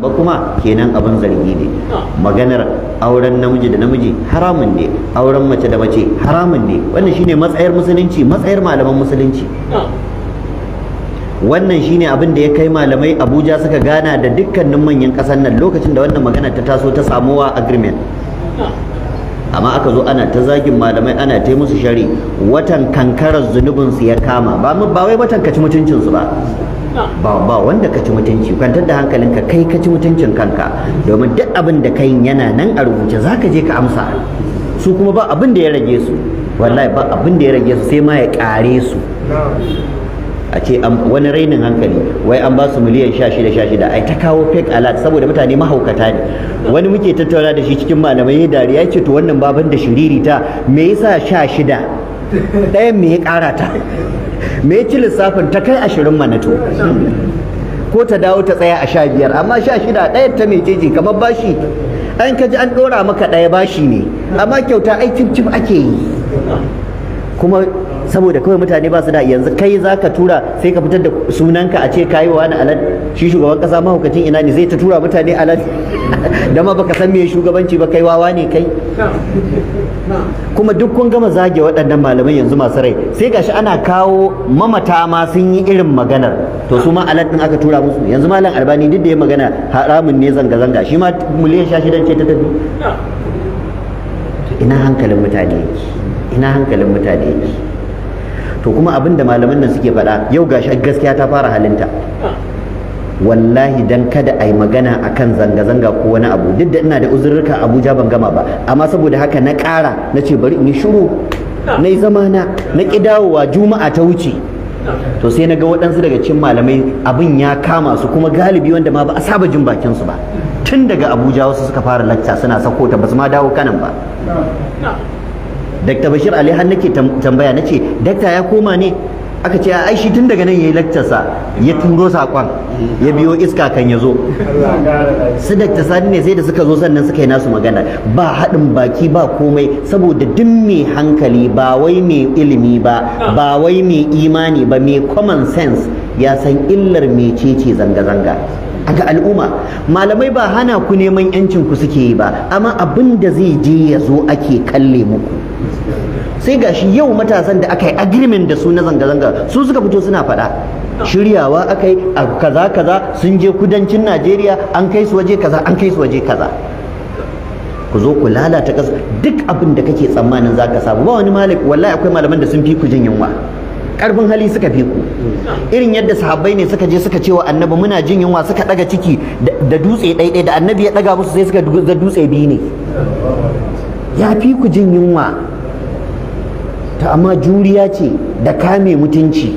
ba kuma kenan abin zargi ne maganar auren namiji da namiji haramun ne auren mace da mace haramun ne wannan shine matsayar musulunci matsayar malaman musulunci wannan shine abin da ya kai malamai Abuja suka gana da dukkanin manyan ƙasar nan lokacin da wannan magana ta taso ta samuwa agreement amma aka zo ana ta zagin malamai ana ta musu shari watan kankarar zunubinsu ya kama ba wai watan kaci mutuncinsu ba ba wanda ka ci mutunci kwantar da hankalinka kai ka ci mutuncin kanka domin duk abin da kai yana nan a rubuce za ka je ka amsa su kuma ba abin da ya rage su wallahi ba abin da ya rage su sai ma ya kare su a ce wani rainin hankali wai an ba su miliyan sha shida sha shida ai ta kawo fake alert saboda mutane mahaukata ne wani muke tattauna da shi cikin malamai ya dariya ce to wannan baban da shiriri ta me yasa sha shida ɗayan me ya ƙara ta me ya ci lissafin ta kai ashirin manato ko ta dawo ta tsaya a sha biyar amma sha shida ɗaya ta mai jeji kamar bashi an kaji an ɗora maka ɗaya bashi ne amma kyauta ai cif ake yi kuma saboda kawai mutane ba su da yanzu kai za ka tura sai ka fitar da sunanka a ce kayi wani alad shi shugaban kasa mahaukacin ina ne zai ta tura mutane alad da ma baka san me shugabanci ba kai wawa ne kai kuma duk kun gama zage waɗannan malamai yanzu masu rai sai gashi ana kawo mamata ma sun yi irin maganar to su ma alat din aka tura musu yanzu malam albani duk da ya magana haramun ne zanga zanga shi ma miliyan sha shidan ce ta tafi ina hankalin mutane ina hankalin mutane to kuma abin da malaman nan suke faɗa yau gashi gaskiya ta fara halinta wallahi dan kada a yi magana akan zanga-zanga ko wani abu duk da ina da uzurruka abuja ban gama ba amma saboda haka na kara na ce bari in yi shiru na yi zamana na ƙi dawowa juma'a ta wuce to sai na ga waɗansu daga cikin malamai abin ya kama su kuma galibi wanda ma ba a saba jin bakin su ba tun daga abuja wasu suka fara lacca suna sako ta basu ma dawo kanan ba Dr. Bashir Ali har nake tambaya na ce dakta ya koma ne aka ce ai shi tun daga nan yayi lecture sa ya turo sakon ya biyo iska kan ya zo su Dr. sani ne sai da suka zo sannan suka yi nasu magana ba haɗin baki ba komai saboda duk mai hankali ba wai mai ilimi ba ba wai mai imani ba mai common sense ya san illar mecece zanga-zanga ga al'umma malamai ba hana ku neman 'yancin ku suke yi ba amma abin da zai je ya zo ake kalle muku sai ga shi yau matasan da aka yi agreement da su na zanga-zanga su suka fito suna faɗa shiryawa aka yi a kaza kaza sun je kudancin najeriya an kai su waje kaza an kai su waje kaza ku zo ku lalata duk abin da kake tsammanin za ka samu ba wani malik wallahi akwai malaman da sun fi ku jin yunwa karfin hali suka fi ku irin yadda sahabbai ne suka je suka ce wa annabi muna jin yunwa suka daga ciki da dutse ɗaiɗai da annabi ya daga musu sai suka dutse biyu ne ya fi ku jin yunwa ta amma juriya ce da kame mutunci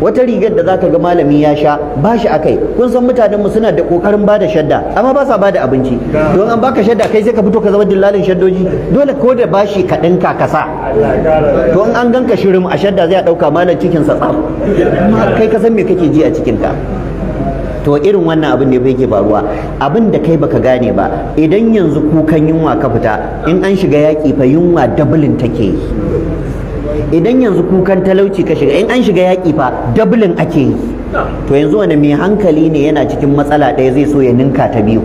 wata rigar da zaka ga malami ya sha ba shi a kai kun san mu suna da kokarin bada shadda amma ba sa bada abinci don an baka shadda kai sai ka fito ka zama dillalin shaddoji dole ko da bashi ka dinka ka kasa to an ganka shirin a shadda zai dauka malam cikin sa amma kai ka san me kake ji a cikin ka to irin wannan abin ne ke faruwa abin da kai baka gane ba idan yanzu kukan yunwa ka fita in an shiga yaƙi fa yunwa dablin take idan yanzu kukan talauci ka shiga in an shiga yaƙi fa dablin ake yi to yanzu wani mai hankali ne yana cikin matsala ɗaya zai so ya ninka ta biyu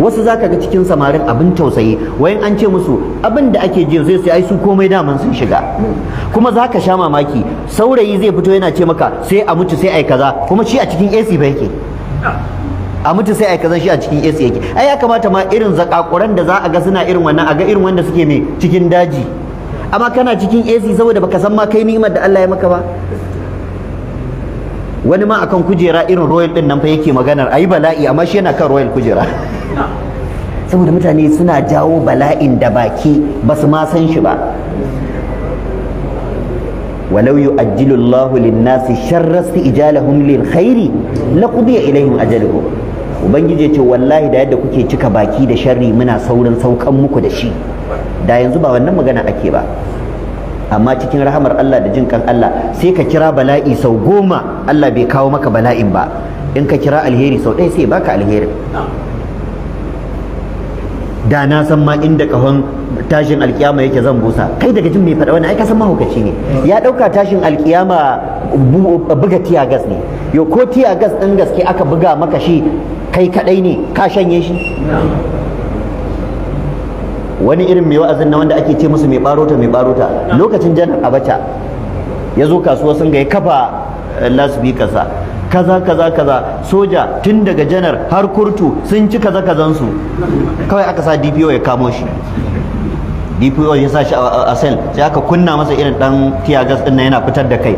wasu za ka ga cikin samarin abin tausayi wayan an ce musu abin da ake ji zai sai ai su komai daman sun shiga kuma za ka sha mamaki saurayi zai fito yana ce maka sai a mutu sai ai kaza kuma shi a cikin AC ba yake a mutu sai ai kazan shi a cikin AC yake ai ya kamata ma irin zakakuran da za a ga suna irin wannan a ga irin wanda suke mai cikin daji amma kana cikin AC saboda baka san ma kai ni'imar da Allah ya maka ba wani ma akan kujera irin royal din nan fa yake maganar ayi bala'i amma shi yana kan royal kujera saboda mutane suna jawo bala'in da baki basu ma san shi ba Walauyu ajjilullahu linnasi sharrasi nasi sharra istijalahum lil-khairi laqudiya ubangiji ya ce wallahi da yadda kuke cika baki da sharri muna saurin saukan muku da shi da yanzu ba wannan magana ake ba amma cikin rahamar Allah da jin kan Allah sai ka kira bala'i sau goma Allah bai kawo maka bala'in ba in ka kira alheri sau ɗaya sai baka alherin da na san ma inda kahon tashin alkiyama yake zan busa kai daga jin mai faɗa wani ai ka san mahaukaci ne ya ɗauka tashin alkiyama buga tiya gas ne yo ko tiya gas ɗin gaske aka buga maka shi kai kaɗai ne ka shanye shi wani irin mai wa'azin na wanda ake ce musu mai barota mai barota lokacin janar abacha ya zo kasuwa sun ga ya kafa eh, lasbikarsa kaza kaza kaza soja tun daga janar har kurtu sun ci kaza kazan su kawai aka sa DPO ya kamo shi DPO ya sa shi a sel sai aka kunna masa irin dan tiya gas din yana fitar da kai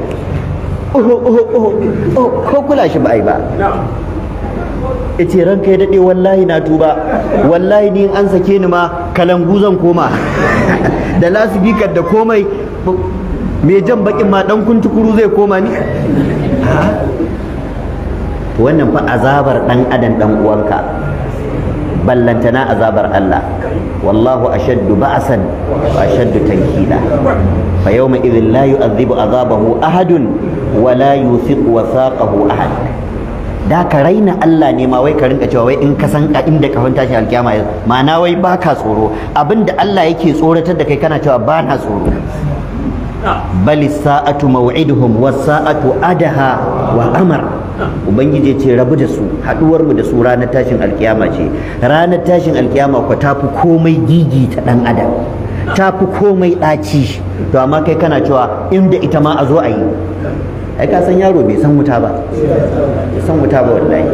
oho oho oho ko kula shi ba ai ba yace ranka ya dade wallahi na tuba wallahi ni an sake ni ma kalangu zan koma da lasbikar da komai mai jan bakin ma dan kuntukuru zai koma ni to wannan fa azabar dan adam dan uwanka ballantana azabar Allah wallahu ashaddu ba'san wa ashaddu tankila fa yawma idhin la yu'adhibu azabahu ahadun wa la yuthiqu wathaqahu ahad da ka raina Allah ne ma wai ka rinka cewa wai in ka san ka inda ka fanta shi alkiyama yau. ma'ana wai baka tsoro abinda Allah yake tsoratar da kai kana cewa ba na tsoro bal sa'atu maw'iduhum was sa'atu adaha wa amara ubangiji ce rabu da su haduwar mu da su ranar tashin alkiyama ce ranar tashin alkiyama ku tafi komai gigi ta dan adam tafi komai ɗaci to amma kai kana cewa inda ita ma a zo a yi ai ka san yaro bai san wuta ba bai san wuta ba wallahi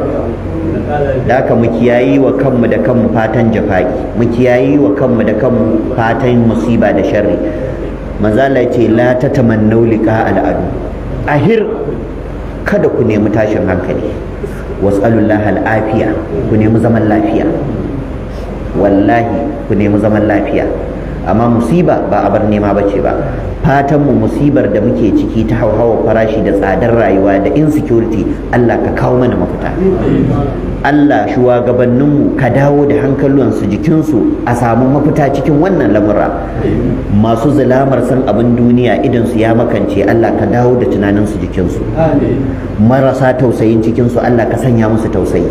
da haka mu kiyayi wa kanmu da kanmu fatan Jafaki, mu kiyayi wa kanmu da kanmu fatan musiba da sharri manzala ce la tatamannu liqa al'adu ahir kada ku nemi tashin hankali was'alullaha al'afiya ku nemi zaman lafiya wallahi ku nemi zaman lafiya amma musiba ba a bar nema ce ba fatan mu musibar da muke ciki ta hauhawar farashi da tsadar rayuwa da insecurity Allah ka kawo mana mafita Allah mu ka dawo da hankalinsu jikinsu a samu mafita cikin wannan lamura masu zilamar san abin duniya idan su ya makance Allah ka dawo da tunaninsu jikinsu marasa tausayin cikinsu Allah ka sanya musu tausayi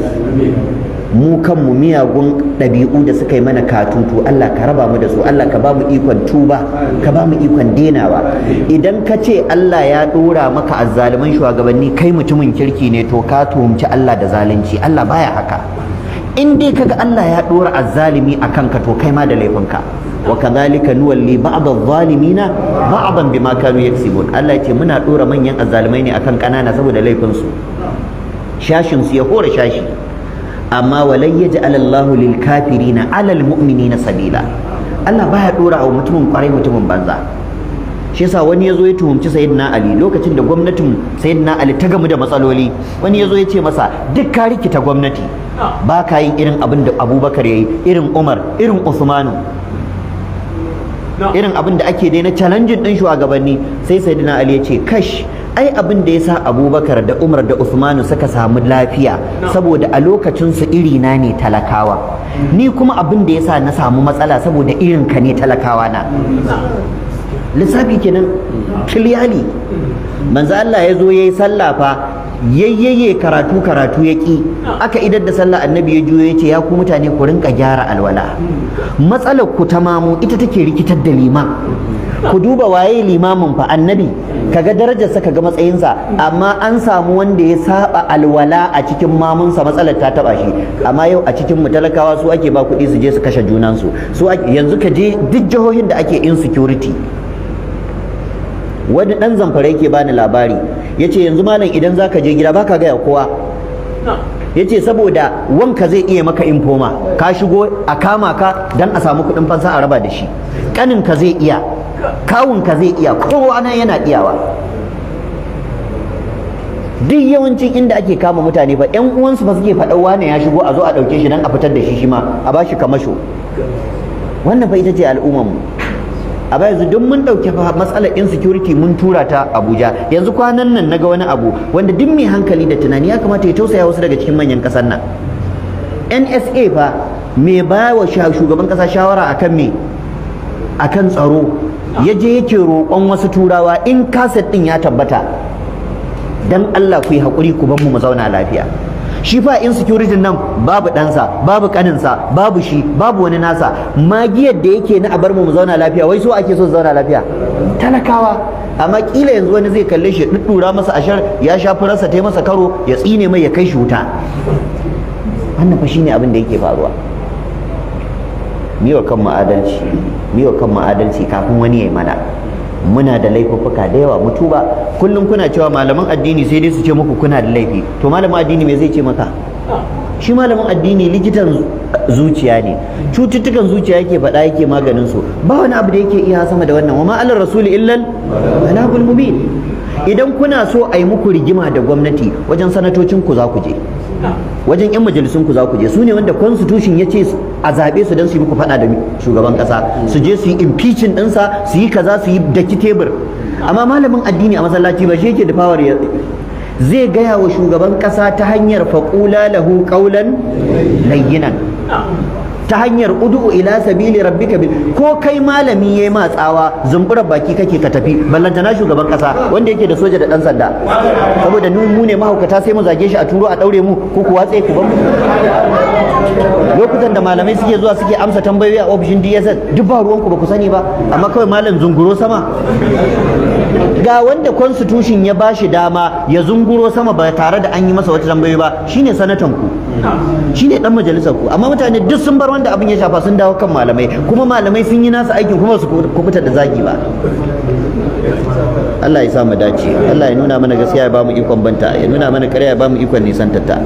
mu kanmu miyagun ɗabi'u da suka yi mana katutu Allah ka raba mu da su Allah ka ba mu ikon tuba ka ba mu ikon denawa idan ka ce Allah ya ɗora maka azzaluman shugabanni kai mutumin kirki ne to ka tuhumci Allah da zalunci Allah baya haka in dai kaga Allah ya ɗora azzalimi a kanka to kai ma da laifinka wa kadhalika nuwalli ba'd adh-dhalimina ba'dan bima kanu yaksibun Allah muna ɗora manyan azzalimai ne akan ƙanana saboda laifin su shashin su ya hore shashi amma ya ji alallahu lil na alal na sabila Allah baya ɗora wa mutumin kwarai mutumin banza shi yasa wani yazo ya tuhumci sayyidina Ali lokacin da gwamnatin sayyidina Ali ta gamu da matsaloli wani yazo ya ce masa duk ka rikita gwamnati ba ka yin irin abin da Abubakar ya yi, irin Umar irin Usmanu irin abin da ake daina na challenge din shugabanni sai sayyidina ali ya ce kash ai abin da yasa abubakar da umar da usmanu suka samu lafiya saboda a lokacin su iri na ne talakawa mm. ni kuma abin da yasa na samu matsala saboda irin ka ne talakawa na lissafi kenan kiliyali mm. manzo Allah ya zo yayi sallah fa yayyaye karatu karatu ya ƙi aka idar da sallah annabi ya juyo ya ce ya ku mutane ku rinka gyara alwala matsalar ku ta mamu ita take rikitar da liman ku duba waye limamin fa annabi kaga darajarsa kaga matsayinsa amma an samu wanda ya saba alwala a cikin mamunsa matsalar ta taba shi amma yau a cikin mutalakawa su ake ba kuɗi su je su kashe junansu su yanzu ka je duk jihohin da ake insecurity wani dan zamfara yake bani labari yace yanzu malam idan zaka je gida baka gaya kowa yace saboda wanka zai iya maka infoma ka shigo a kama ka dan a samu kuɗin fansa a raba da shi kanin ka zai iya kawun zai iya kowa nan yana iyawa duk yawancin inda ake kama mutane ba yan uwansu ba suke faɗa wane ya shigo a zo a ɗauke shi dan a fitar da shi shi ma a shi kamasho wannan fa ita ce al'ummar mu a baya yanzu duk mun dauke matsalar insecurity mun tura ta Abuja yanzu kwanan nan naga wani abu wanda duk mai hankali da tunani ya kamata ya tausaya wasu daga cikin manyan kasar nan NSA fa me ba wa shugaban kasa shawara akan me akan tsaro yaje yake roƙon wasu turawa in kaset din ya tabbata dan Allah ku yi haƙuri ku bar mu mu zauna lafiya shi fa insecurity nan babu ɗansa babu kaninsa babu shi babu wani nasa magiyar da yake na a bar mu mu zauna lafiya wai so ake so zauna lafiya talakawa amma kila yanzu wani zai kalle shi ɗuɗɗura masa ashar ya sha furarsa ta masa karo ya tsine mai ya kai shi wuta wannan fa shine abin da yake faruwa miwa kan ma'adalci miwa kan ma'adalci kafin wani ya yi mana muna da laifuffuka da yawa mutu ba kullum kuna cewa malaman addini sai dai su ce muku kuna da laifi to malamin addini me zai ce maka shi malamin addini likitan zuciya ne cututtukan zuciya yake faɗa yake maganin su ba wani abu da yake iya sama da wannan wa ma alal illal balagul mubin idan kuna so a muku rigima da gwamnati wajen sanatocin ku za ku je wajen yan majalisun ku za ku je su ne wanda constitution ya ce a zaɓe su don su yi muku faɗa da shugaban ƙasa su je su yi impeachin ɗinsa su yi kaza su yi daki tebur amma malamin addini a masallaci ba shi yake da power zai gaya wa shugaban ƙasa ta hanyar faƙula lahu ƙaulan layyinan ah. ta hanyar ud'u ila sabili rabbika bil ko kai malami yayi ma tsawa zumbura baki kake ka tafi ballantana shugaban kasa wanda yake da soja da dan sanda saboda mu ne mahaukata sai mu zage shi a turo a daure mu ko ku watse ku ban lokutan da malamai suke zuwa suke amsa tambayoyi a ofishin DSS duk ba ruwanku ba ku sani ba amma kawai malam zunguro sama ga wanda constitution ya ba shi dama ya zunguro sama ba tare da an yi masa wata tambayoyi ba shine sanatan ku shine dan majalisar ku amma mutane duk sun bar wanda abin ya shafa sun dawo kan malamai kuma malamai sun yi nasu aikin kuma su kubuta da zagi ba Allah ya sa mu dace Allah ya nuna mana gaskiya ya ba mu ikon banta ya nuna mana ƙarya ya ba mu ikon nisan tatta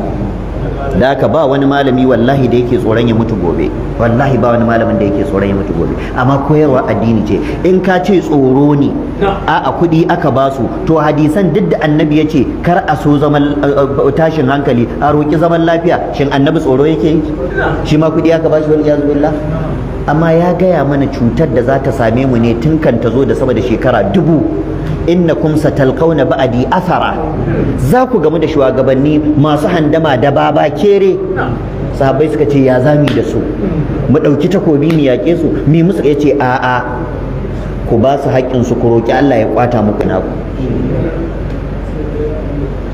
da haka ba wani malami wallahi da yake tsoron ya mutu gobe wallahi ba wani malamin da yake tsoron ya mutu gobe amma koyarwa addini ce in ka ce tsoro ne a a kuɗi aka ba su. to hadisan duk da annabi ya ce kar a so zaman eh, eh, eh, tashin hankali a roƙi zaman lafiya shin annabi tsoro yake shi ma kuɗi aka ba shi wani yazubillah? billah amma ya gaya mana cutar da za ta same mu ne tun kan ta zo da sama da shekara dubu inna innakum satalqawna ba'di athara za ku gamu da shugabanni masu handama da baba kere sahabbai suka ce ya zami da su mu ɗauki takobi mu yake su mi musu ya ce a'a ku ba su haƙƙin su ku roki Allah ya kwata muku naku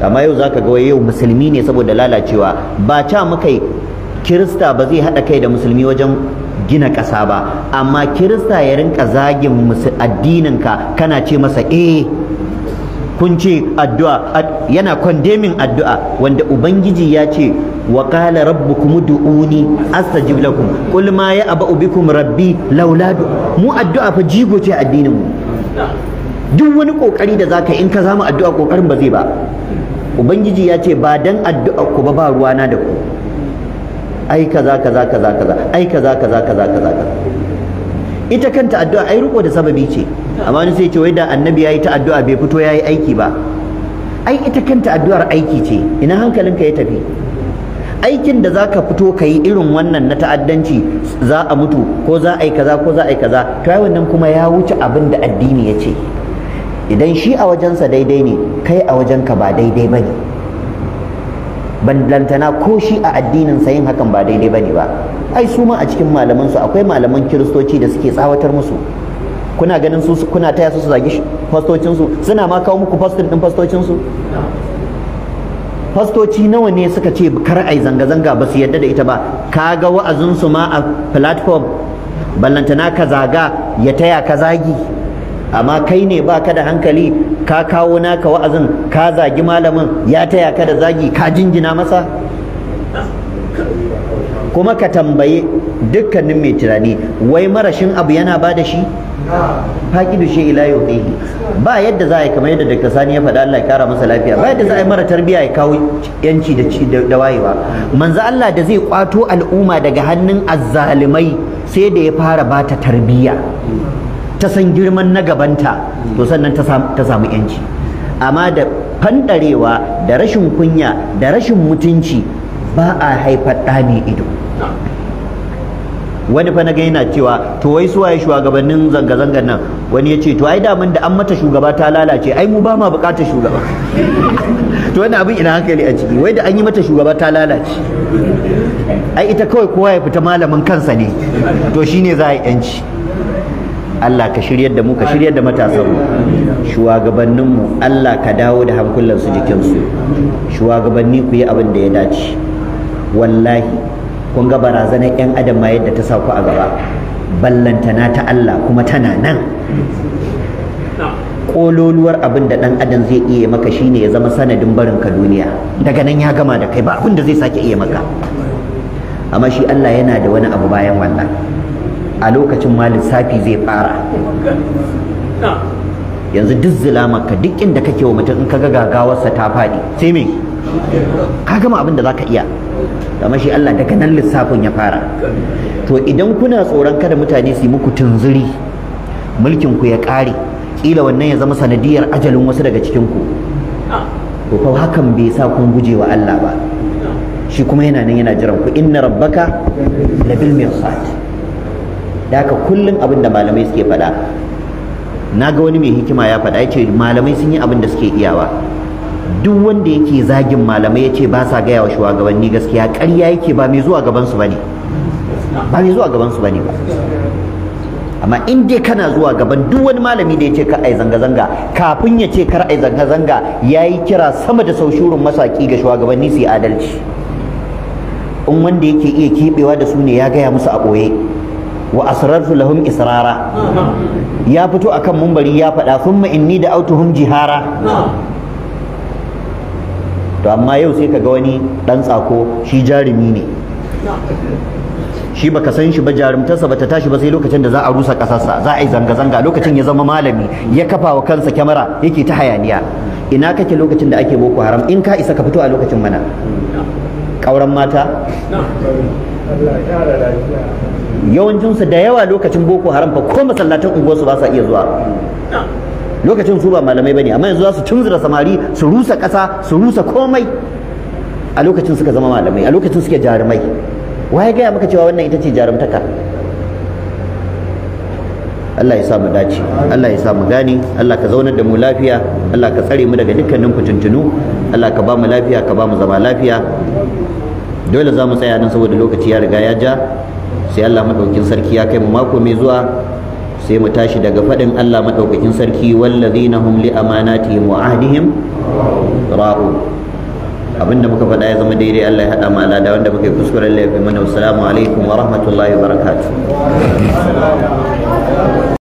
amma yau zaka ga yau musulmi ne saboda lalacewa ba ca muka kirista ba zai haɗa kai da musulmi wajen gina ƙasa ba amma kirista ya rinka zagin musu addininka kana ce masa eh kun ce addu'a yana kwandemin addu'a wanda ubangiji ya ce wa qala rabbukum ud'uni astajib lakum qul ma ubi bikum rabbi laula mu addu'a fa jigo ce addinin mu duk wani kokari da zaka in ka zama addu'a kokarin ba zai ba ubangiji ya ce ba dan addu'a ku ba ba ruwana da ku ai kaza kaza kaza kaza ai kaza kaza kaza kaza ita kanta addu'a ai riko da sababi ce amma wani sai ce wai da annabi yayi ta addu'a bai fito yayi aiki ba ai ita kanta addu'ar aiki ce ina hankalinka ya tafi aikin da zaka fito ka irin wannan na ta'addanci za a mutu ko za a yi kaza ko za a yi kaza to ai wannan kuma ya wuce abin da addini ya ce idan shi a wajensa daidai ne kai a wajenka ba daidai bane ne bandantana ko shi a addinin sa yin hakan ba daidai bane ba ai su ma a cikin malaman akwai malaman kiristoci da suke tsawatar musu kuna ganin su kuna taya su su zagi fastocin suna ma kawo muku fastin din fastocin fastoci nawa ne suka ce kar ai zanga-zanga ba su yadda da ita ba kaga wa'azin su ma a platform ballantana ka zaga ya taya ka zagi amma kai ne ba ka da hankali ka kawo naka wa'azin ka zagi malamin ya taya ka da zagi ka jinjina masa kuma ka tambaye dukkanin mai tunani wai marashin abu yana ba da shi faƙidu shi ila yau ba yadda za a yi kamar yadda Dr. Sani ya faɗa Allah ya kara masa lafiya ba yadda za a yi mara tarbiya ya kawo yanci da wayewa manzo Allah da zai kwato al'umma daga hannun azzalimai sai da ya fara bata tarbiyya? ta san girman na gabanta to sannan ta samu yanci amma da fandarewa da rashin kunya da rashin mutunci ba a haifar ɗa mai ido wani fa naga yana cewa to wai su waye shugabannin zanga-zangar nan wani ya ce to ai damun da an mata shugaba ta lalace ai mu ba ma bukatar shugaba to wani abin ina hankali a ciki wai da an yi mata shugaba ta lalace ai ita kawai kowa ya fita malamin kansa ne to shine za a yi yanci Allah ka shiryar da mu ka shiryar da matasan mu shugabannin mu Allah ka dawo da hankulan su jikin su shugabanni ku yi abin da ya dace wallahi kun ga barazanar yan adam ma yadda ta sa ku a gaba ballantana ta Allah kuma tana nan kololuwar abin da dan adam zai iya maka shine ya zama sanadin barin ka duniya daga nan ya gama da kai ba abin da zai sake iya maka amma shi Allah yana da wani abu bayan wannan a lokacin ma lissafi zai fara yanzu duk zulamarka duk inda kake wa mutum in kaga ga gagawarsa ta faɗi sai me ka gama abin da za ka iya kamar shi Allah daga nan lissafin ya fara to idan kuna tsoron kada mutane su yi muku tunzuri mulkin ku ya ƙare kila wannan ya zama sanadiyar ajalin wasu daga cikin ku to fa hakan bai sa kun guje wa Allah ba shi kuma yana nan yana jiran ku inna rabbaka labil mirsad da haka kullum abin da malamai suke faɗa na ga wani mai hikima ya faɗa ya ce malamai sun yi abin da suke iyawa duk wanda yake zagin malamai ya ce ba sa gaya wa shugabanni gaskiya ƙarya yake ba mai zuwa gabansu su bane ba mai zuwa gabansu su bane ba amma in dai kana zuwa gaban duk wani malami da ya ce kar ai zanga-zanga kafin ya ce kar ai zanga-zanga ya yi kira sama da saushurin masaki ga shugabanni su yi adalci in wanda yake iya keɓewa da su ne ya gaya musu a ɓoye wa asrartu lahum israra ya fito akan mumbari ya faɗa summa inni da autuhum jihara to amma yau sai kaga wani dan tsako shi jarumi ne shi baka san shi ba jarumtarsa bata tashi ba sai lokacin da za a rusa kasarsa za a yi zanga-zanga lokacin ya zama malami ya kafa wa kansa kyamara yake ta hayaniya ina kake lokacin da ake boko haram in ka isa ka fito a lokacin mana ƙauren mata yawancinsu da yawa lokacin boko haram fa ko masallatan unguwarsu ba sa iya zuwa lokacin su ba malamai bane amma yanzu za su tunzura samari su rusa ƙasa su rusa komai a lokacin suka zama malamai a lokacin suke jarumai waye gaya maka cewa wannan ita ce jarumtaka Allah ya sa mu dace Allah ya sa mu gane Allah ka zaunar da mu lafiya Allah ka tsare mu daga dukkanin fitintunu Allah ka ba mu lafiya ka ba mu zama lafiya dole za mu tsaya nan saboda lokaci ya riga ya ja sai Allah madaukakin sarki ya kai mu mako mai zuwa sai mu tashi daga faɗin Allah madaukakin sarki wallazina hum li amanatihim wa ahdihim ra'u abinda muka faɗa ya zama daidai Allah ya haɗa mu alada wanda muke kuskuren laifin mana assalamu alaikum wa rahmatullahi wa barakatuh